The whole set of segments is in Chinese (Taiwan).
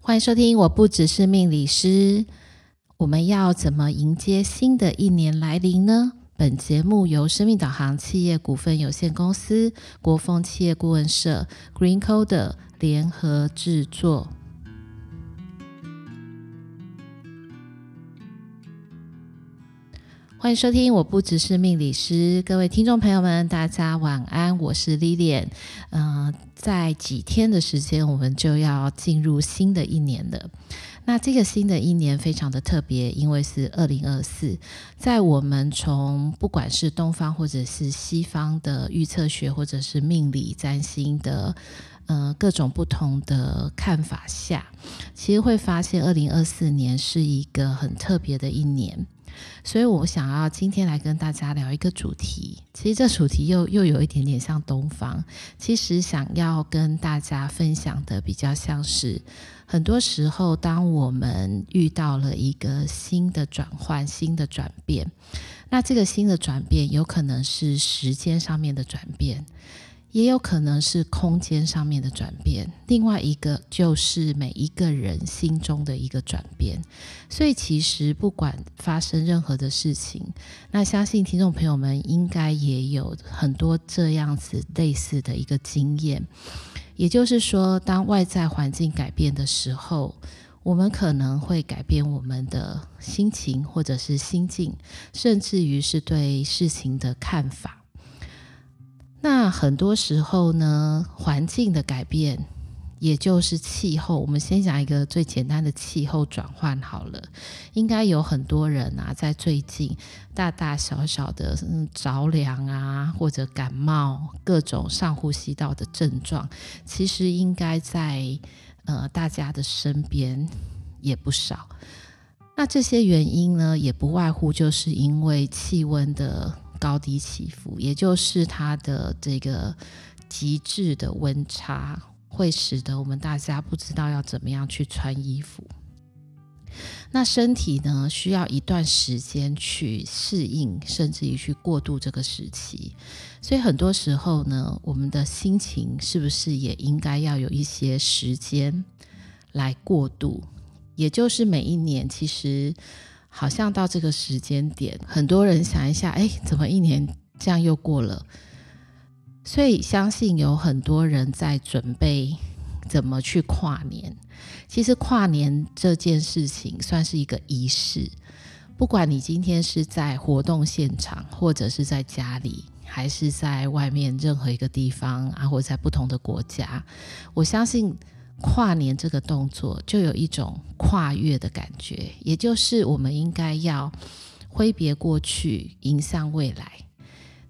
歡迎收聽！我不只是命理師。我們要怎麼迎接新的一年來臨呢？本節目由生命導航企業股份有限公司、國峰企業顧問社、GreenCoder 聯合製作。歡迎收聽，我不只是命理師，各位聽眾朋友們，大家晚安，我是 Lilian。嗯，在幾天的時間，我們就要進入新的一年了。那這個新的一年非常的特別，因為是二零二四，在我們從不管是東方或者是西方的預測學，或者是命理占星的，呃，各種不同的看法下，其實會發現二零二四年是一個很特別的一年。所以我想要今天來跟大家聊一個主題，其實這主題又又有一點點像東方。其實想要跟大家分享的比較像是，很多時候當我們遇到了一個新的轉換、新的轉變，那這個新的轉變有可能是時間上面的轉變。也有可能是空間上面的轉變，另外一個就是每一個人心中的一個轉變。所以，其實不管發生任何的事情，那相信聽眾朋友們應該也有很多這樣子類似的一個經驗。也就是說，當外在環境改變的時候，我們可能會改變我們的心情，或者是心境，甚至於是對事情的看法。那很多時候呢，環境的改變，也就是氣候。我們先講一個最簡單的氣候轉換好了。應該有很多人啊，在最近大大小小的着涼啊，或者感冒，各種上呼吸道的症狀，其實應該在呃，大家的身邊也不少。那這些原因呢，也不外乎就是因為氣溫的。高低起伏，也就是它的這個極致的溫差，會使得我們大家不知道要怎麼樣去穿衣服。那身體呢，需要一段時間去適應，甚至於去過渡這個時期。所以很多時候呢，我們的心情是不是也應該要有一些時間來過渡？也就是每一年，其實。好像到這個時間點，很多人想一下，哎、欸，怎麼一年這樣又過了？所以相信有很多人在準備怎麼去跨年。其實跨年這件事情算是一個儀式，不管你今天是在活動現場，或者是在家裡，還是在外面任何一個地方啊，或者在不同的國家，我相信，跨年這個動作就有一種跨越的感覺，也就是我們應該要揮別過去，迎向未來。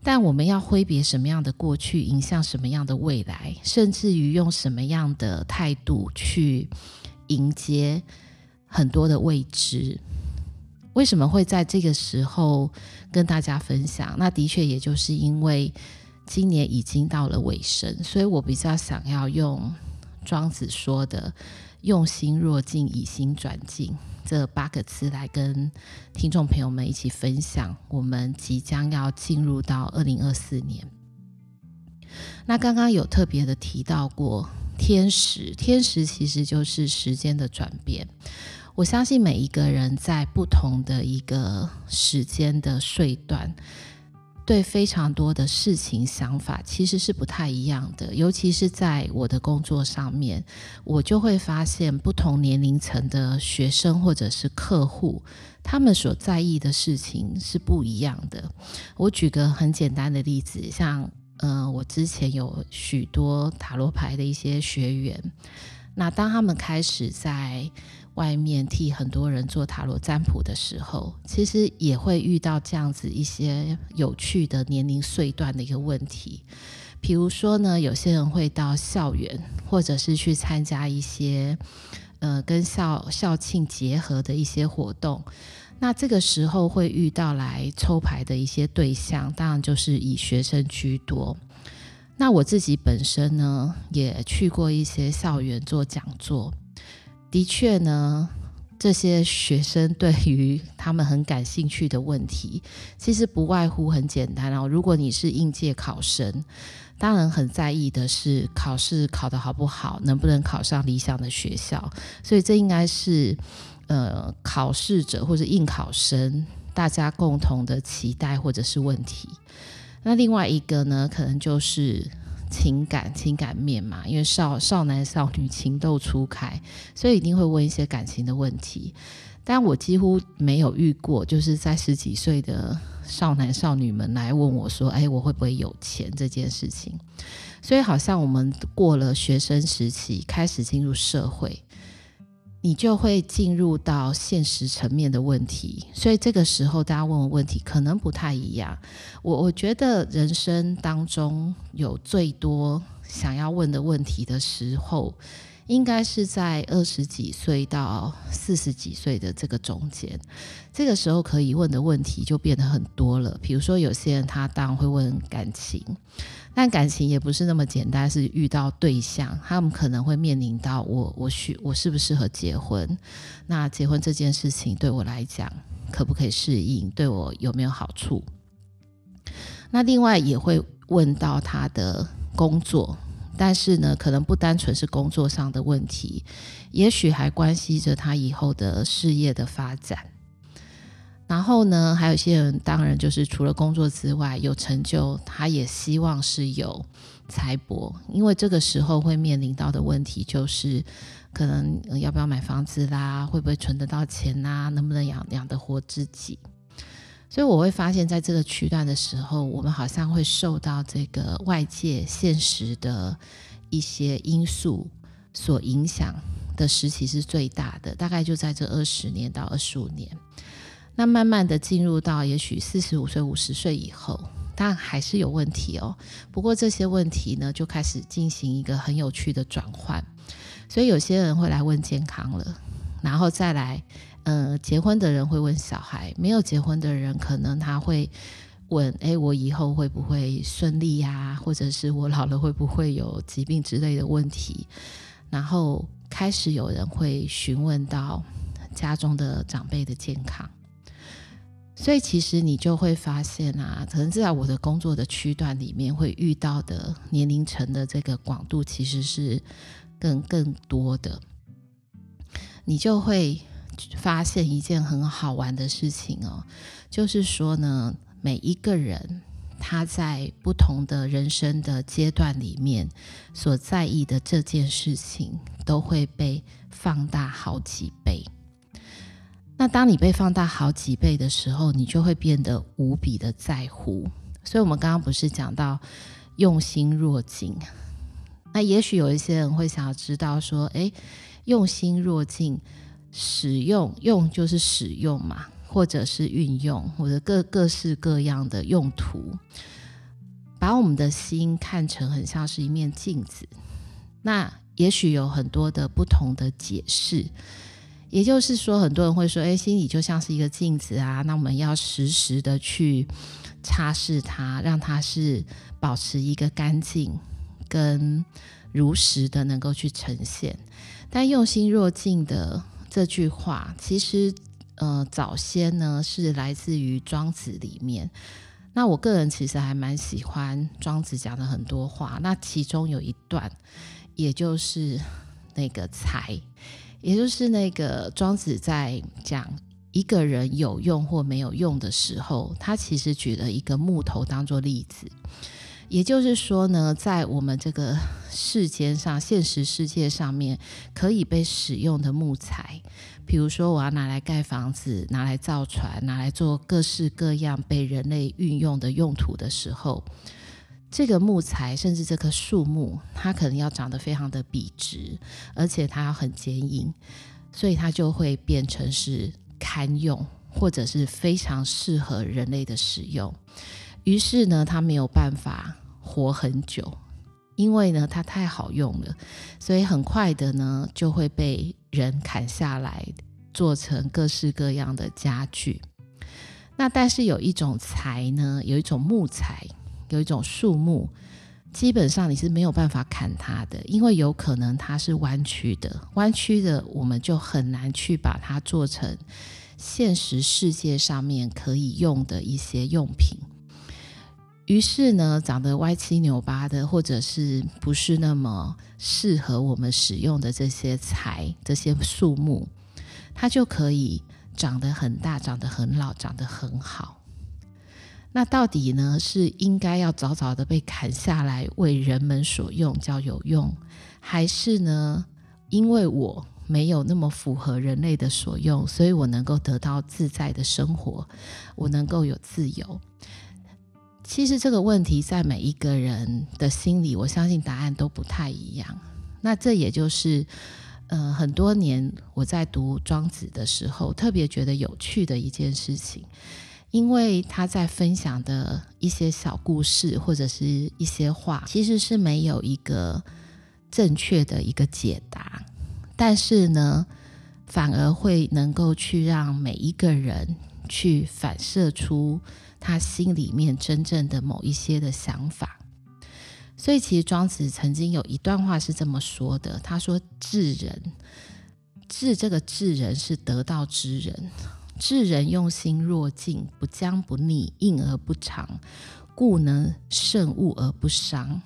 但我們要揮別什麼樣的過去，迎向什麼樣的未來，甚至於用什麼樣的態度去迎接很多的未知。為什麼會在這個時候跟大家分享？那的確也就是因為今年已經到了尾聲，所以我比較想要用。莊子說的“用心若鏡，以心轉境”這八個字，來跟聽眾朋友們一起分享。我們即將要進入到二零二四年。那剛剛有特別的提到過天時，天時其實就是時間的轉變。我相信每一個人在不同的一個時間的歲段，對非常多的事情想法其實是不太一樣的，尤其是在我的工作上面，我就會發現不同年齡層的學生或者是客戶，他們所在意的事情是不一樣的。我舉個很簡單的例子，像嗯、呃，我之前有許多塔羅牌的一些學員，那當他們開始在外面替很多人做塔羅占卜的時候，其實也會遇到這樣子一些有趣的年齡歲段的一個問題。比如說呢，有些人會到校園，或者是去參加一些呃跟校校慶結合的一些活動。那這個時候會遇到來抽牌的一些對象，當然就是以學生居多。那我自己本身呢，也去過一些校園做講座。的確呢，這些學生對於他們很感興趣的問題，其實不外乎很簡單啊。然後如果你是應屆考生，當然很在意的是考試考得好不好，能不能考上理想的學校。所以這應該是呃考試者或者應考生大家共同的期待或者是問題。那另外一個呢，可能就是。情感、情感面嘛，因為少少男少女情竇初開，所以一定會問一些感情的問題。但我幾乎沒有遇過，就是在十幾歲的少男少女們來問我說：“哎、欸，我會不會有錢？”這件事情，所以好像我們過了學生時期，開始進入社會。你就會進入到現實層面的問題，所以這個時候大家問我問題可能不太一樣。我我覺得人生當中有最多想要問的問題的時候。應該是在二十幾歲到四十幾歲的這個中間，這個時候可以問的問題就變得很多了。比如說，有些人他當然會問感情，但感情也不是那麼簡單，是遇到對象，他們可能會面臨到我，我需我適不適合結婚？那結婚這件事情對我來講可不可以適應？對我有沒有好處？那另外也會問到他的工作。但是呢，可能不單純是工作上的問題，也許還關係着他以後的事業的發展。然後呢，還有些人，當然就是除了工作之外有成就，他也希望是有財帛，因為這個時候會面臨到的問題就是，可能要不要買房子啦，會不會存得到錢吶，能不能養養得活自己。所以我會發現，在這個區段的時候，我們好像會受到這個外界現實的一些因素所影響的時期是最大的，大概就在這二十年到二十五年。那慢慢的進入到也許四十五歲、五十歲以後，但還是有問題哦。不過這些問題呢，就開始進行一個很有趣的轉換。所以有些人會來問健康了，然後再來。呃、嗯，結婚的人會問小孩，沒有結婚的人可能他會問：誒，我以後會不會順利呀、啊？或者是我老了會不會有疾病之類的問題？然後開始有人會詢問到家中的長輩的健康，所以其實你就會發現啊，可能至少我的工作的區段裡面會遇到的年齡層的這個廣度其實是更更多的，你就會。發現一件很好玩的事情哦，就是說呢，每一個人他在不同的人生的階段裡面所在意的這件事情，都會被放大好幾倍。那當你被放大好幾倍的時候，你就會變得無比的在乎。所以，我們剛剛不是講到用心若鏡，那也許有一些人會想要知道說，哎，用心若鏡。使用用就是使用嘛，或者是運用，我的各各式各樣的用途，把我們的心看成很像是一面鏡子。那也許有很多的不同的解釋，也就是說，很多人會說：“誒、欸，心裡就像是一個鏡子啊。”那我們要時時的去擦拭它，讓它是保持一個乾淨，跟如實的能夠去呈現。但用心若鏡的。這句話其實，呃，早先呢是來自於莊子裡面。那我個人其實還蠻喜歡莊子講的很多話。那其中有一段，也就是那個材，也就是那個莊子在講一個人有用或沒有用的時候，他其實舉了一個木頭當做例子。也就是說呢，在我們這個世間上、現實世界上面，可以被使用的木材，比如說我要拿來蓋房子、拿來造船、拿來做各式各樣被人類運用的用途的時候，這個木材甚至這棵樹木，它可能要長得非常的筆直，而且它要很堅硬，所以它就會變成是堪用，或者是非常適合人類的使用。於是呢，它沒有辦法活很久，因為呢，它太好用了，所以很快的呢，就會被人砍下來，做成各式各樣的家具。那但是有一種材呢，有一種木材，有一種樹木，基本上你是沒有辦法砍它的，因為有可能它是彎曲的，彎曲的我們就很難去把它做成現實世界上面可以用的一些用品。於是呢，長得歪七扭八的，或者是不是那麼適合我們使用的這些材、這些樹木，它就可以長得很大、長得很老、長得很好。那到底呢，是應該要早早的被砍下來為人們所用，叫有用，還是呢，因為我沒有那麼符合人類的所用，所以我能夠得到自在的生活，我能夠有自由？其實這個問題在每一個人的心裡，我相信答案都不太一樣。那這也就是，呃，很多年我在讀莊子的時候，特別覺得有趣的一件事情，因為他在分享的一些小故事或者是一些話，其實是沒有一個正確的一個解答，但是呢，反而會能夠去讓每一個人去反射出，他心裡面真正的某一些的想法，所以其實莊子曾經有一段話是這麼說的：他說“至人，至這個至人是得道之人，至人用心若鏡，不將不迎，應而不藏，故能勝物而不傷。”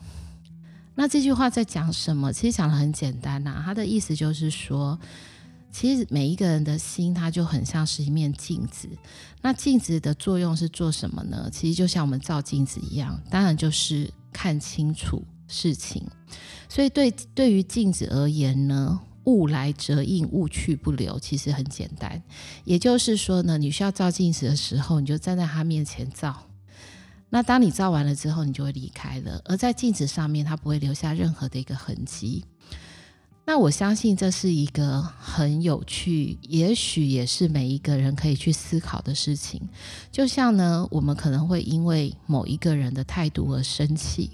那這句話在講什麼？其實講的很簡單吶、啊，他的意思就是說。其實每一個人的心，它就很像是一面鏡子。那鏡子的作用是做什麼呢？其實就像我們照鏡子一樣，當然就是看清楚事情。所以對對於鏡子而言呢，物來則應，物去不留。其實很簡單，也就是說呢，你需要照鏡子的時候，你就站在他面前照。那當你照完了之後，你就會離開了，而在鏡子上面，它不會留下任何的一個痕跡。那我相信這是一個很有趣，也許也是每一個人可以去思考的事情。就像呢，我們可能會因為某一個人的態度而生氣，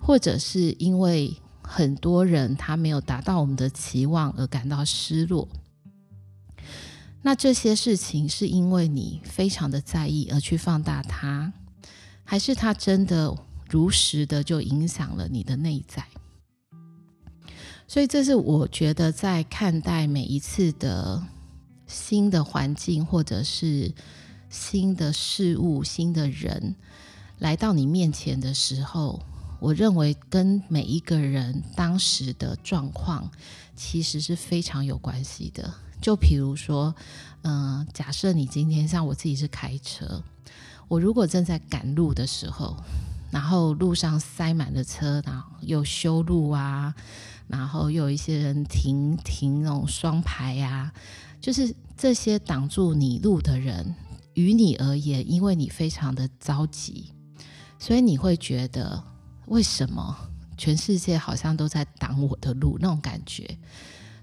或者是因為很多人他沒有達到我們的期望而感到失落。那這些事情是因為你非常的在意而去放大它，還是它真的如實的就影響了你的內在？所以，這是我覺得在看待每一次的新的環境，或者是新的事物、新的人來到你面前的時候，我認為跟每一個人當時的狀況其實是非常有關係的。就比如說，嗯、呃，假設你今天像我自己是開車，我如果正在趕路的時候。然後路上塞滿了車，然後又修路啊，然後又有一些人停停那種雙排呀啊，就是這些擋住你路的人，於你而言，因為你非常的着急，所以你會覺得為什麼全世界好像都在擋我的路那種感覺。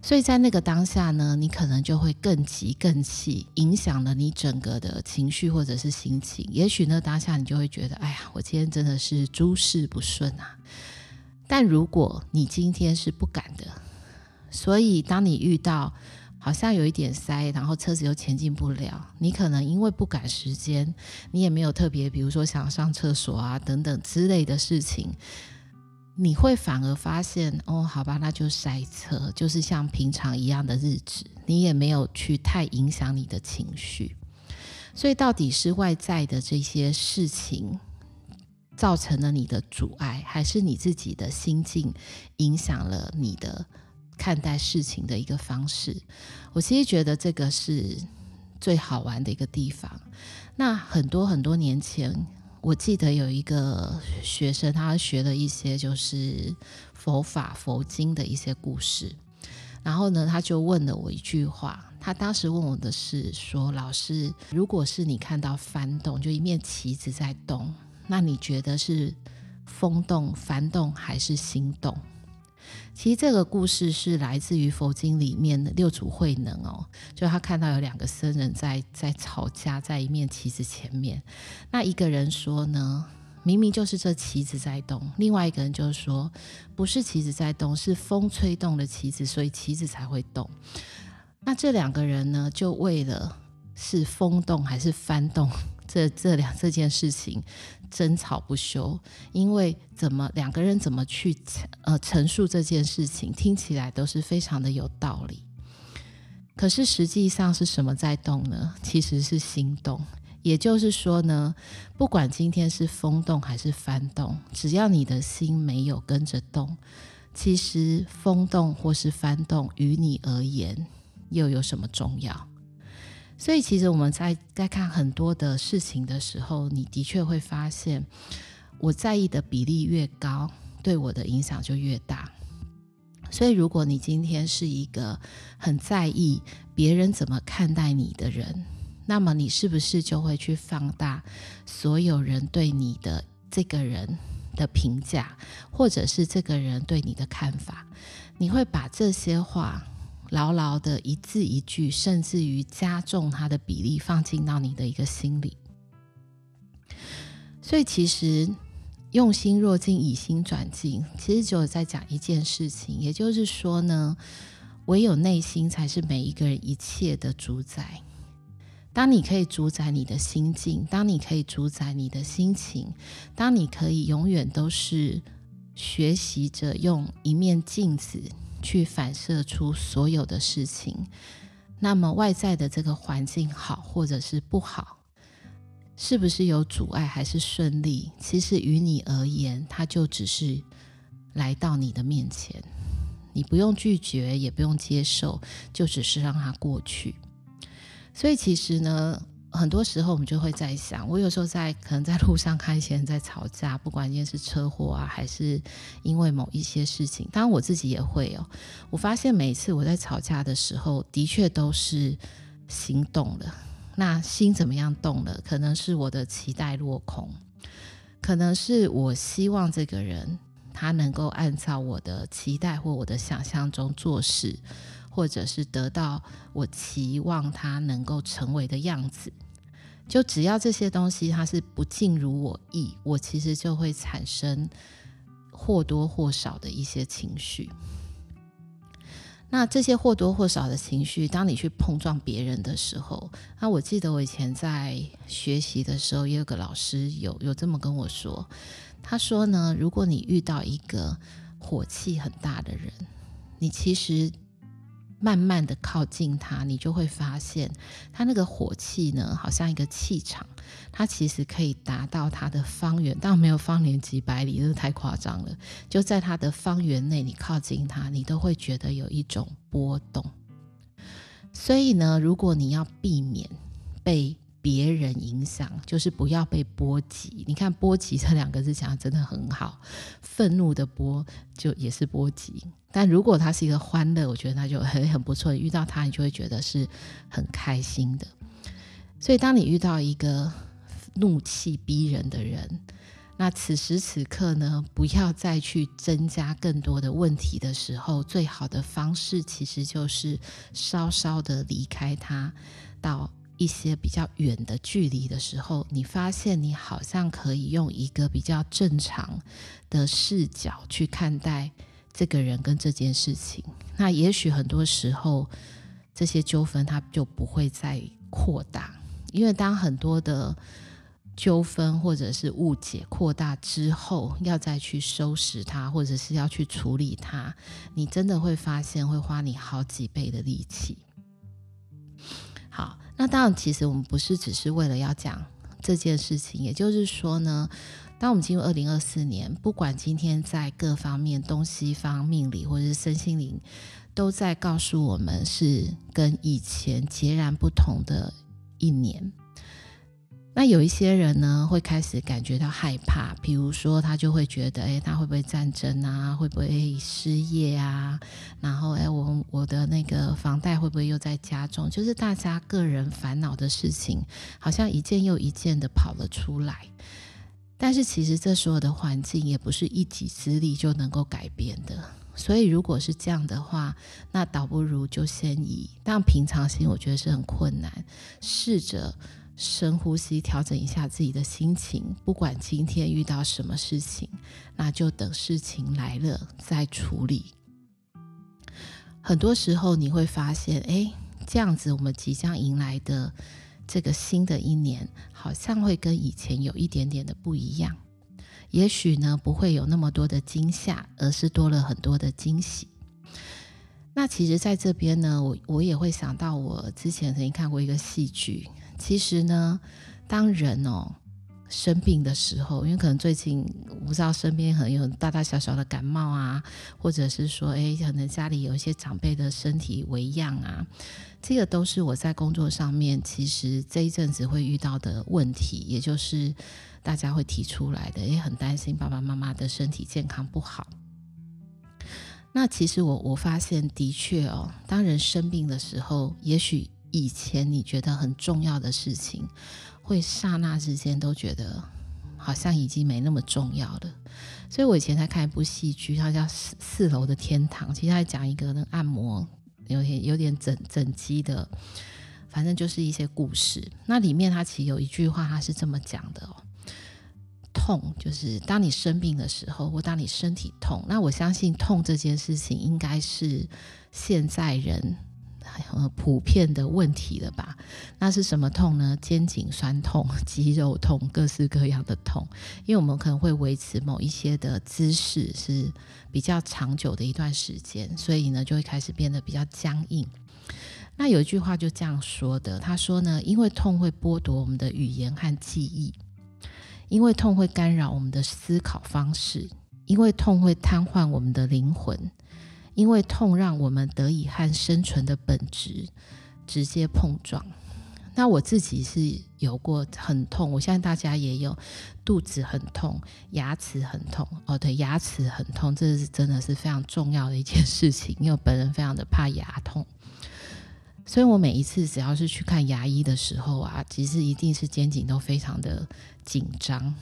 所以在那個當下呢，你可能就會更急更氣，影響了你整個的情緒或者是心情。也許那當下你就會覺得，哎呀，我今天真的是諸事不順啊。但如果你今天是不趕的，所以當你遇到好像有一點塞，然後車子又前進不了，你可能因為不趕時間，你也沒有特別，比如說想上廁所啊等等之類的事情。你會反而發現，哦，好吧，那就塞車，就是像平常一樣的日子，你也沒有去太影響你的情緒。所以，到底是外在的這些事情造成了你的阻礙，還是你自己的心境影響了你的看待事情的一個方式？我其實覺得這個是最好玩的一個地方。那很多很多年前。我記得有一個學生，他學了一些就是佛法佛經的一些故事，然後呢，他就問了我一句話。他當時問我的是說：“老師，如果是你看到幡動，就一面旗子在動，那你覺得是風動、幡動還是心動？”其實這個故事是來自於佛經裡面的六祖慧能哦，就他看到有兩個僧人在在吵架，在一面旗子前面。那一個人說呢，明明就是這旗子在動。另外一個人就說，不是旗子在動，是風吹動了旗子，所以旗子才會動。那這兩個人呢，就為了是風動還是幡動。這這兩這件事情爭吵不休，因為怎麼兩個人怎麼去呃陳述這件事情，聽起來都是非常的有道理。可是實際上是什麼在動呢？其實是心動。也就是說呢，不管今天是風動還是幡動，只要你的心沒有跟着動，其實風動或是幡動於你而言又有什麼重要？所以，其實我們在在看很多的事情的時候，你的確會發現，我在意的比例越高，對我的影響就越大。所以，如果你今天是一個很在意別人怎麼看待你的人，那麼你是不是就會去放大所有人對你的這個人的評價，或者是這個人對你的看法？你會把這些話，牢牢的一字一句，甚至於加重它的比例，放進到你的一個心裡。所以，其實用心若鏡，以心轉境。其實只有在講一件事情，也就是說呢，唯有內心才是每一個人一切的主宰。當你可以主宰你的心境，當你可以主宰你的心情，當你可以永遠都是學習着用一面鏡子。去反射出所有的事情，那麼外在的這個環境好或者是不好，是不是有阻礙還是順利？其實於你而言，它就只是來到你的面前，你不用拒絕，也不用接受，就只是讓它過去。所以其實呢。很多時候，我們就會在想，我有時候在可能在路上看一些人在吵架，不管今天是車禍啊，還是因為某一些事情。當然，我自己也會哦。我發現每一次我在吵架的時候，的確都是心動了。那心怎麼樣動了？可能是我的期待落空，可能是我希望這個人他能夠按照我的期待或我的想象中做事。或者是得到我期望他能夠成為的樣子，就只要這些東西它是不盡如我意，我其實就會產生或多或少的一些情緒。那這些或多或少的情緒，當你去碰撞別人的時候，那我記得我以前在學習的時候，有個老師有有這麼跟我說，他說呢，如果你遇到一個火氣很大的人，你其實。慢慢的靠近它，你就會發現它那個火氣呢，好像一個氣場，它其實可以達到它的方圓，但我沒有方圓幾百里，這太誇張了。就在它的方圓內，你靠近它，你都會覺得有一種波動。所以呢，如果你要避免被別人影響，就是不要被波及。你看「波及」這兩個字講的真的很好，憤怒的波就也是波及。但如果他是一個歡樂，我覺得他就很很不錯。遇到他，你就會覺得是很開心的。所以，當你遇到一個怒氣逼人的人，那此時此刻呢，不要再去增加更多的問題的時候，最好的方式其實就是稍稍的離開他，到一些比較遠的距離的時候，你發現你好像可以用一個比較正常的視角去看待這個人跟這件事情。那也許很多時候，這些糾紛它就不會再擴大，因為當很多的糾紛或者是誤解擴大之後，要再去收拾它，或者是要去處理它，你真的會發現會花你好幾倍的力氣。好。那當然，其實我們不是只是為了要講這件事情，也就是說呢，當我們進入二零二四年，不管今天在各方面、東西方命理或者是身心靈，都在告訴我們是跟以前截然不同的一年。那有一些人呢，會開始感覺到害怕，比如說他就會覺得，誒、欸，他會不會戰爭啊？會不會失業啊？然後，誒、欸，我我的那個房貸會不會又在加重？就是大家個人煩惱的事情，好像一件又一件的跑了出來。但是其實這所有的環境也不是一己之力就能夠改變的，所以如果是這樣的話，那倒不如就先以當平常心，我覺得是很困難，試着。深呼吸，調整一下自己的心情。不管今天遇到什麼事情，那就等事情來了再處理。很多時候你會發現，哎、欸，這樣子我們即將迎來的這個新的一年，好像會跟以前有一點點的不一樣。也許呢，不會有那麼多的驚嚇，而是多了很多的驚喜。那其實，在這邊呢，我我也會想到，我之前曾經看過一個戲劇。其實呢，當人哦生病的時候，因為可能最近我不知道身邊很有大大小小的感冒啊，或者是說，誒，可能家裡有一些長輩的身體微恙啊，這個都是我在工作上面其實這一陣子會遇到的問題，也就是大家會提出來的，也很擔心爸爸媽媽的身體健康不好。那其實我我發現的確哦，當人生病的時候，也許。以前你覺得很重要的事情，會剎那之間都覺得好像已經沒那麼重要了。所以我以前在看一部戲劇，它叫《四四樓的天堂》，其實它講一個那個按摩有點有點整整肌的，反正就是一些故事。那裡面它其實有一句話，它是這麼講的哦：痛就是當你生病的時候，或當你身體痛。那我相信，痛這件事情應該是現在人。普遍的問題了吧？那是什麼痛呢？肩頸痠痛、肌肉痛，各式各樣的痛。因為我們可能會維持某一些的姿勢是比較長久的一段時間，所以呢，就會開始變得比較僵硬。那有一句話就這樣說的，他說呢，因為痛會剝奪我們的語言和記憶，因為痛會干擾我們的思考方式，因為痛會癱瘓我們的靈魂。因為痛，讓我們得以和生存的本質直接碰撞。那我自己是有過很痛，我相信大家也有肚子很痛、牙齒很痛。哦，對，牙齒很痛，這是真的是非常重要的一件事情。因為本人非常的怕牙痛，所以我每一次只要是去看牙醫的時候啊，其實一定是肩頸都非常的緊張。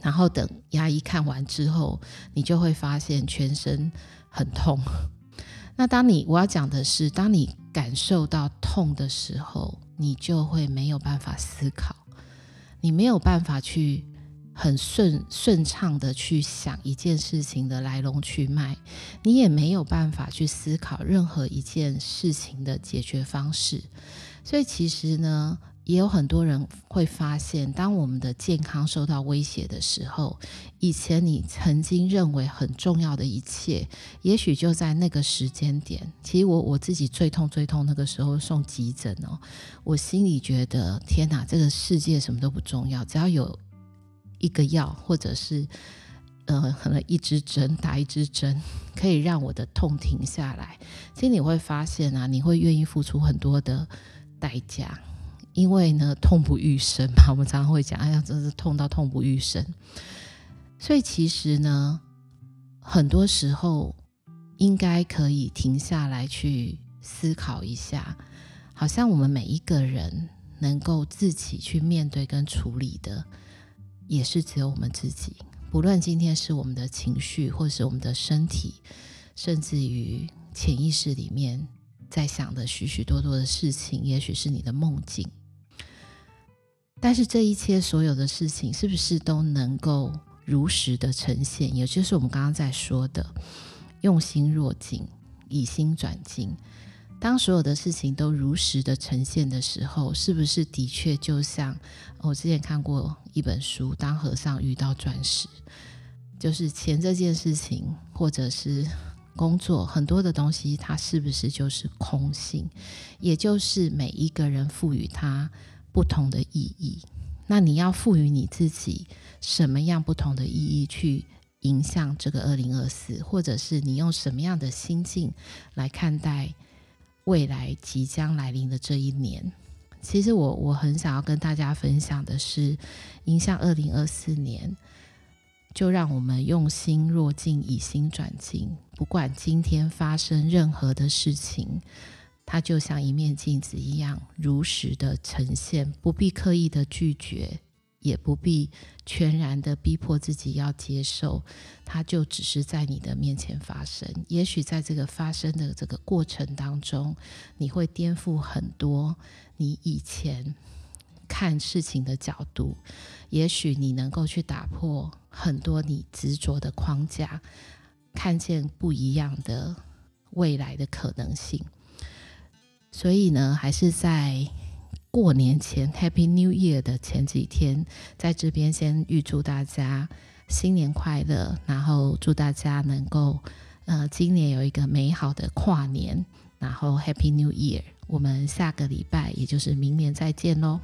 然後等牙醫看完之後，你就會發現全身。很痛。那當你，我要講的是，當你感受到痛的時候，你就會沒有辦法思考，你沒有辦法去很順順暢的去想一件事情的來龍去脈，你也沒有辦法去思考任何一件事情的解決方式。所以其實呢。也有很多人會發現，當我們的健康受到威脅的時候，以前你曾經認為很重要的一切，也許就在那個時間點。其實我我自己最痛最痛，那個時候送急診哦，我心裡覺得天哪，這個世界什麼都不重要，只要有一個藥，或者是呃，可能一支針打一支針，可以讓我的痛停下來。其實你會發現啊，你會願意付出很多的代價。因為呢，痛不欲生嘛，我們常常會講，哎呀，真是痛到痛不欲生。所以其實呢，很多時候應該可以停下來去思考一下。好像我們每一個人能夠自己去面對跟處理的，也是只有我們自己。不論今天是我們的情緒，或是我們的身體，甚至於潛意識裡面在想的許許多多的事情，也許是你的夢境。但是這一切所有的事情，是不是都能夠如實的呈現？也就是我們剛剛在說的，用心若鏡，以心轉境。當所有的事情都如實的呈現的時候，是不是的確就像我之前看過一本書《當和尚遇到鑽石》，就是錢這件事情，或者是工作，很多的東西，它是不是就是空性？也就是每一個人賦予它。不同的意義，那你要賦予你自己什麼樣不同的意義去迎向這個二零二四，或者是你用什麼樣的心境來看待未來即將來臨的這一年？其實我我很想要跟大家分享的是，迎向二零二四年，就讓我們用心若鏡，以心轉境，不管今天發生任何的事情。它就像一面鏡子一樣，如實的呈現，不必刻意的拒絕，也不必全然的逼迫自己要接受，它就只是在你的面前發生。也許在這個發生的這個過程當中，你會顛覆很多你以前看事情的角度，也許你能夠去打破很多你執着的框架，看見不一樣的未來的可能性。所以呢，還是在過年前，Happy New Year 的前幾天，在這邊先預祝大家新年快樂，然後祝大家能夠，呃，今年有一個美好的跨年，然後 Happy New Year，我們下個禮拜，也就是明年再見嘍。